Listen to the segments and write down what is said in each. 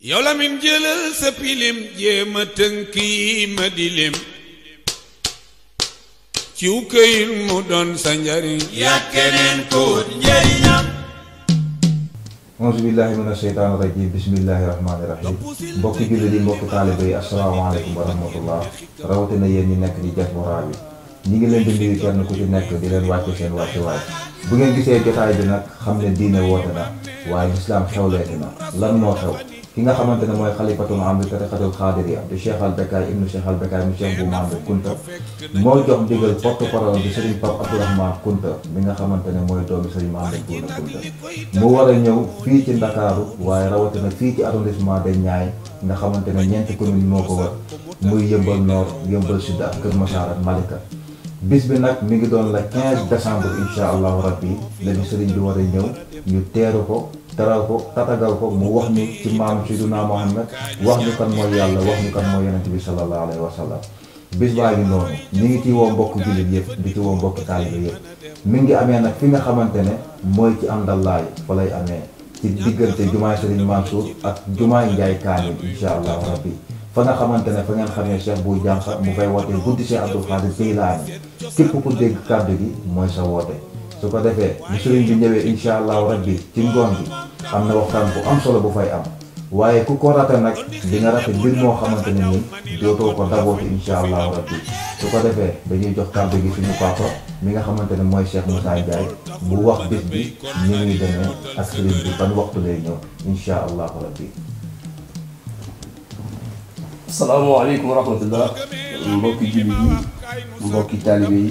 yow Lamin jëlal sa pilim jéema yi ma di lim sa njariñ yaa keneen koo njariñam auzubillahi mina sheytaani rajim bismillahi rahmaani rahim mbokki jullit yi mbokki taalibe yi asalaamaaleykum wa rawatina yéen ñi nekk di diaspora bi ñi ngi leen di nuyu kenn ku ci nekk di leen wàcce seen wàcce waay bu ngeen gisee jotaay bi nag xam ne diine woote na waaye lislaam xewleeti na lan moo xew ki nga xamante ne mooy xalifatul am bi tarixatul xaadiriya di Cheikh al Bekaay ibnu Cheikh al Bekaay mu Cheikh bu Mahamad Kunta moo jox ndigal porte parole bi Serigne Pape Abdourahmane Kunta bi nga xamante ne mooy doomi Serigne Mahamad Kunta Kunta mu war a ñëw fii ci Ndakaaru waaye rawatina fii ci arrondissement de Niayes nga xamante ne ñeenti commune moo ko war muy yëmbal nord yëmbal sud ak Kër Massar ak Malika bis bi nag mi ngi doon la 15 décembre alla allahu rabbi lañu Serigne bi war a ñëw ñu ko teral ko tatagal ko mu wax ñu ci maam Seydina Muhammad wax ñu kan mooy yàlla wax ñu kan mooy yonent bi sallallahu alayhi wa sallam bis baa ngi noonu ñu ngi ci woo mbokk jullit yëpp di ci mbokk taalibe yëpp mi ngi amee nag fi nga xamante ne mooy ci àndallaay fa lay amee ci diggante jumaay Serigne Mansour ak jumaay Ndiaye Kaamil insha allahu rabbi fa nga xamante ne fa ngeen xamee Cheikh Bouy Diankha mu fay wootee guddi Cheikh Abdou Khadir Jeylaani képp ku dégg gi mooy sa su ko defee bu sëriñ bi ñëwee incha allahu bi ci ngoon bi am na waxtaan bu am solo bu fay am waaye ku ko rate nag di nga rate mbir moo xamante ne nii dootoo ko dabooti incha allahu rabbi su ko defee dañuy jox kàddu gi suñu papa mi nga xamante ne mooy Cheikh Moussa Ndiaye bu wax bis bi ñu ngi demee ak sëriñ bi ban waxtu lay ñëw incha allahu rabbi. salaamaaleykum wa rahmatullah mbokki jullit yi mbokki taalibe yi.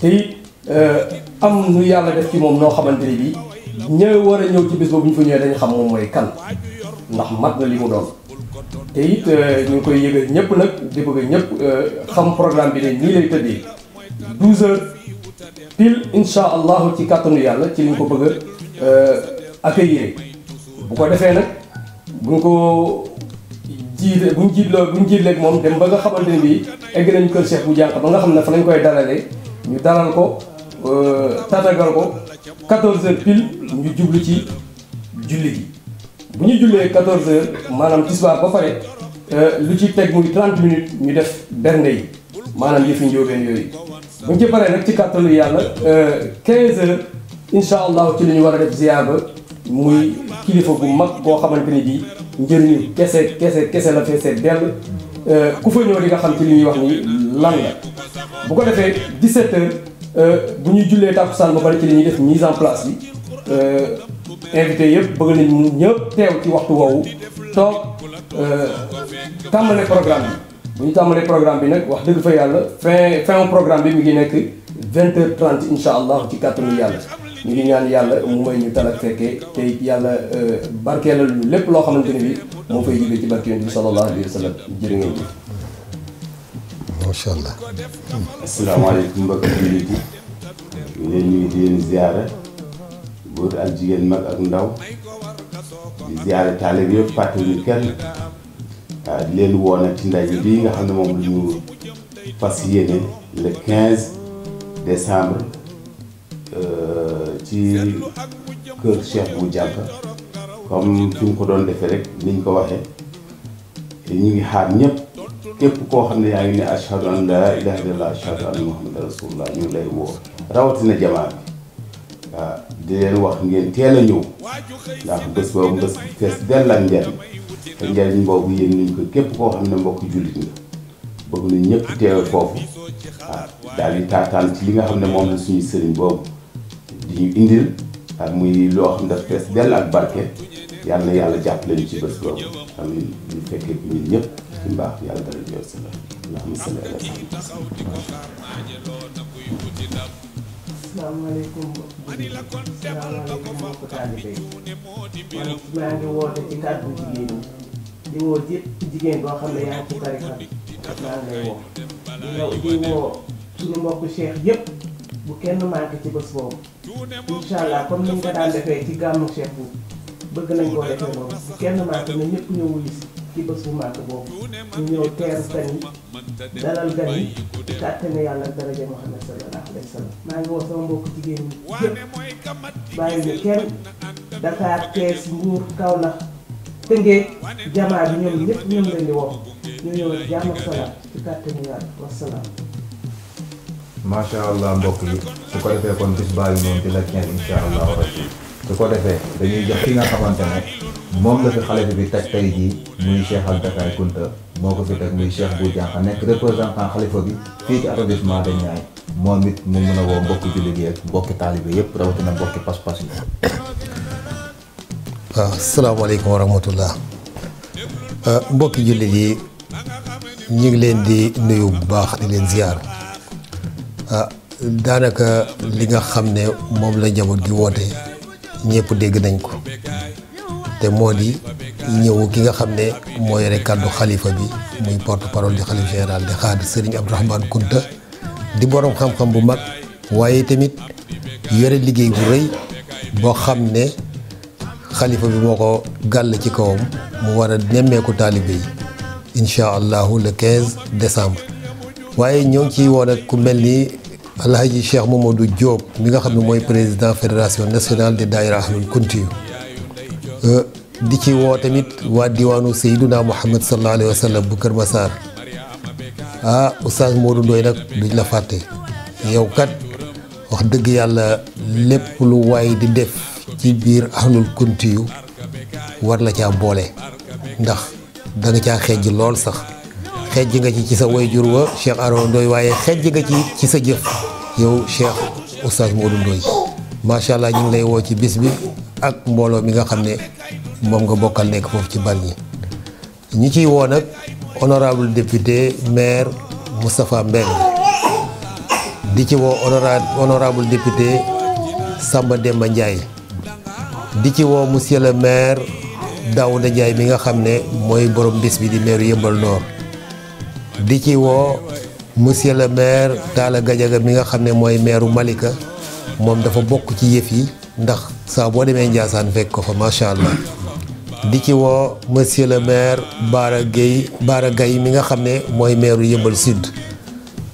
te it euh, am nu yàlla def ci moom noo xamante ne bii ñëw war a ñëw ci bés boobu ñu fa ñëwee dañ xam moom mooy kan ndax mat na li mu doon te it euh, ñu ngi koy yëgal ñëpp nag di bëgg ñëpp euh, xam programme bi ne nii lay tëddee 12 heures pile incha ci kàttanu yàlla ci li ñu ko bëgg a accueillir bu ko defee nag buñ ko jiite buñ ñu buñ jiitleeg moom dem ba nga xamante ne bii egg nañ kër Cheikh bu jànq ba nga xam ne fa lañ koy dalalee. ñu dalal ko euh, tatagal ko 14 heures pile ñu jublu ci julli gi bu ñu jullee 14 heures maanaam tisbaar ba pare euh, lu ci teg muy 30 minutes ñu def bernde yi maanaam yëfi njóobeen yooyu bu ñu ci paree nag ci kàttalu yàlla 15 euh, heures incha allah ci li ñu war a def ziar muy kilifa bu mag koo xamante ni bii njëriñu kese kese kese la feesee dell ku fa ñëw di nga xam ci li ñuy wax ni lan la. bu ko defee 17h euh, bu ñuy jullee takkusaan ba pare ci li ñuy def mise en place bi euh, invité yëpp bëgg nañ mu ñëpp teew ci waxtu woowu toog euh, tàmbale programme bi bu ñu tàmbalee programme bi nag wax dëgg fa yàlla fin fin programme bi mi ngi nekk 20h30 incha allah ci kàttanu yàlla. ñu ngi ñaan yàlla mu may ñu tal ak fekkee te yàlla barkeelal lépp loo xamante ne bi moo fay jógee ci barke yonent bi sallallahu alayhi wa sallam jërë ngeen jëf macha allah. asalaamaaleykum mbokki jullit yi ñu leen ñuy di leen ziyaare góor ak jigéen mag ak ndaw di ziyaare taalib yëpp fàttewuñu kenn waaw di leen woo nag ci ndaje bii nga xam ne moom la ñu fas yéene le 15 décembre euh, ci kër Cheikh bu Diatta comme fi mu ko doon defee rek niñ ko waxee ñu ngi xaar ñëpp. képp koo xam ne yaa ngi ne ashhadu an laa ilaaha illallaah ashhadu anna muhammadan rasulullah ñu lay woo rawatina jamaa bi waaw di leen wax ngeen teel a ñëw ndax bés boobu bés fees dell ak njariñ te njariñ boobu yéen nañ ko képp koo xam ne mbokk jullit nga bëgg nañ ñëpp teewe foofu waaw daal di taataan ci li nga xam ne moom la suñu sëriñ boobu di ñu indil ak muy loo xam ne daf fees dell ak barke yàlla na yàlla jàppale ñu ci bés boobu xam ñu fekkee ko ñun ñëpp ci mbaax yàlla dara jël si la allahumma salli ala salaamaaleykum salaamaaleykum mbokk taalibe ngi woote ci kàddu jigéen ñi di woo yëpp jigéen boo xam ne yaa ngi ci tarixa ngi woo suñu mbokku cheikh yëpp bu kenn manqué ci bés boobu incha comme ni ñu ko daan defee ci gàmmu cheikh bëgg nañ koo defee noonu bu kenn manqué na ñëpp ñëw wuyu si ci bés bu màgg boobu ñu ñëw teer gan yi dalal gan yi ci kàttanu yàlla ak daraja Muhammad sallallahu alayhi wa sallam maa ngi woo sama mbokk jigéen ñi yëpp bàyyi ñu kenn Dakar Kees Mbuur Kaolack Tëngéej jamaa bi ñoom ñëpp ñoom la ñu woo ñu ñëw jàmm ak salaam ci kàttanu yàlla wasalaam macha allah mbokk yi su ko defee kon bis baa noonu ci la quinze incha allah rabbi su ko defee dañuy jox ki nga xamante ne moom la fi xale bi bi teg tey jii muy Cheikh Abdoulaye Kounta moo ko fi teg muy Cheikh Bou Diankha nekk représentant xalifa bi fii ci arrondissement de Niayes moom it mu mën a woo mbokki jullit yi ak mbokki yëpp rawatina mbokki pas-pas yi. waaw salaamaaleykum wa rahmatullah euh, mbokki jullit yi ñu ngi leen di nuyu bu baax di leen ziar ah euh, daanaka li nga xam ne moom la njaboot gi woote ñëpp dégg nañ ko. te moo di ñëw ki nga xam ne moo yore kàddu xalifa bi muy porte parole di xalif général di xaar Serigne Abdourahmane Kounta di borom xam-xam bu mag waaye tamit yore liggéey bu rëy boo xam ne xalifa bi moo ko gàll ci kawam mu war a nemmeeku taalibe yi incha allahu le 15 décembre. waaye ñoo ngi ciy woon ak ku mel ni Alhaji Cheikh Mamadou Diop mi nga xam ne mooy président fédération nationale des daayira ahlul kunti yu Euh, di ci woo tamit waa diwaanu Seydina Muhammad sallallahu alayhi wa sallam bu Kër Massar ah oustaz Modou Ndoye nag duñ la fàtte yow kat wax dëgg yàlla lépp lu waay di def ci biir ahlul kunti yu war la caa boole ndax da nga caa xejj lool sax xej nga ci ci sa woy jur wa Cheikh Arouna Ndoye waaye xejj nga ci ci sa jëf yow Cheikh oustaz Modou Ndoye macha allah ñu ngi lay woo ci bis ak mbooloo mi nga xam ne moom nga bokkal nekk foofu ci Bargny ñi ciy woo nag honorable député maire Moustapha Mbeng di ci woo honorable député Samba Demba Ndiaye di ci woo monsieur le maire Daouda Ndiaye bi nga xam ne mooy borom bis bi di maire Yeumbeul Nord di ci woo monsieur le maire Talla Gadiaga bi nga xam ne mooy maireu Malika moom dafa bokk ci yëf yi ndax saa boo demee Ndiassane fekk ko fa macha allah di ci woo monsieur le maire Bara Gueye Bara mi nga xam ne mooy maire Yeumbeul sidd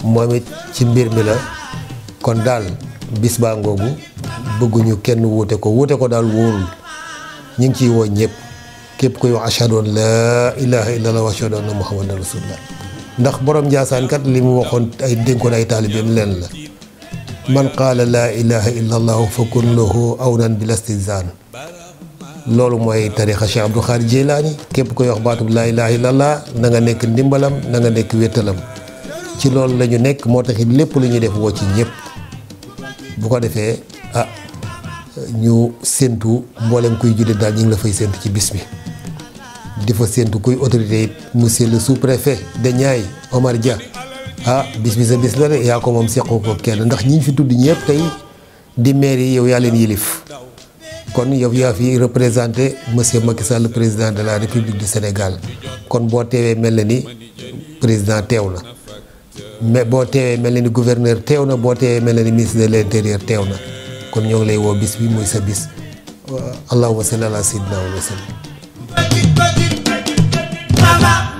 moom it ci mbir mi la kon daal bis baa ngoogu bëgguñu kenn wuute ko wuute ko daal wóorul ñu ngi ciy woo ñëpp képp kuy wax ashhadu an laa ilaha la wa ashhadu anna muhammadan rasulullah ndax borom Ndiassane kat li mu waxoon ay dénkoon ay taalibeem leen la man qaala laa ilaha illa allahu fa kun lahu awnan bil istizaan loolu mooy tarixa Cheikh Abdou laa Jeylaani képp koy wax baatub laa ilaha illa allah na nga nekk ndimbalam na nga nekk wéttalam ci loolu la ñu nekk moo taxit lépp lu ñuy def woo ci bu ko defee ah ñu séentu mboolem kuy jullit daal ñu ngi la fay séntu ci bis bi di fa séntu kuy autorité it monsieur le sous-préfet de Niayes Omar Dia ah bis bi sa bis la de yaa ko moom seqoo ko kenn ndax ñi ñu fi tudd ñëpp tey di maire yi yow yaa leen yilif kon yow yaa fi représenté monsieur Macky Sall président de la république du Sénégal kon boo teewee mel na ni président teew na mais boo teewee mel na ni gouverneur teew na boo teewee mel na ni ministre de l' intérieur teew na kon ñoo ngi lay woo bis bi muy sa bis allahumma salli ala sayyidina wa sallam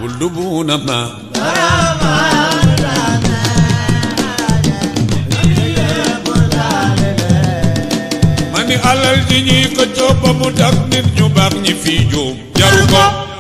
wuldu alal ji ñuy ko coppa mu tax nit ñu baax ñi fii juum jaru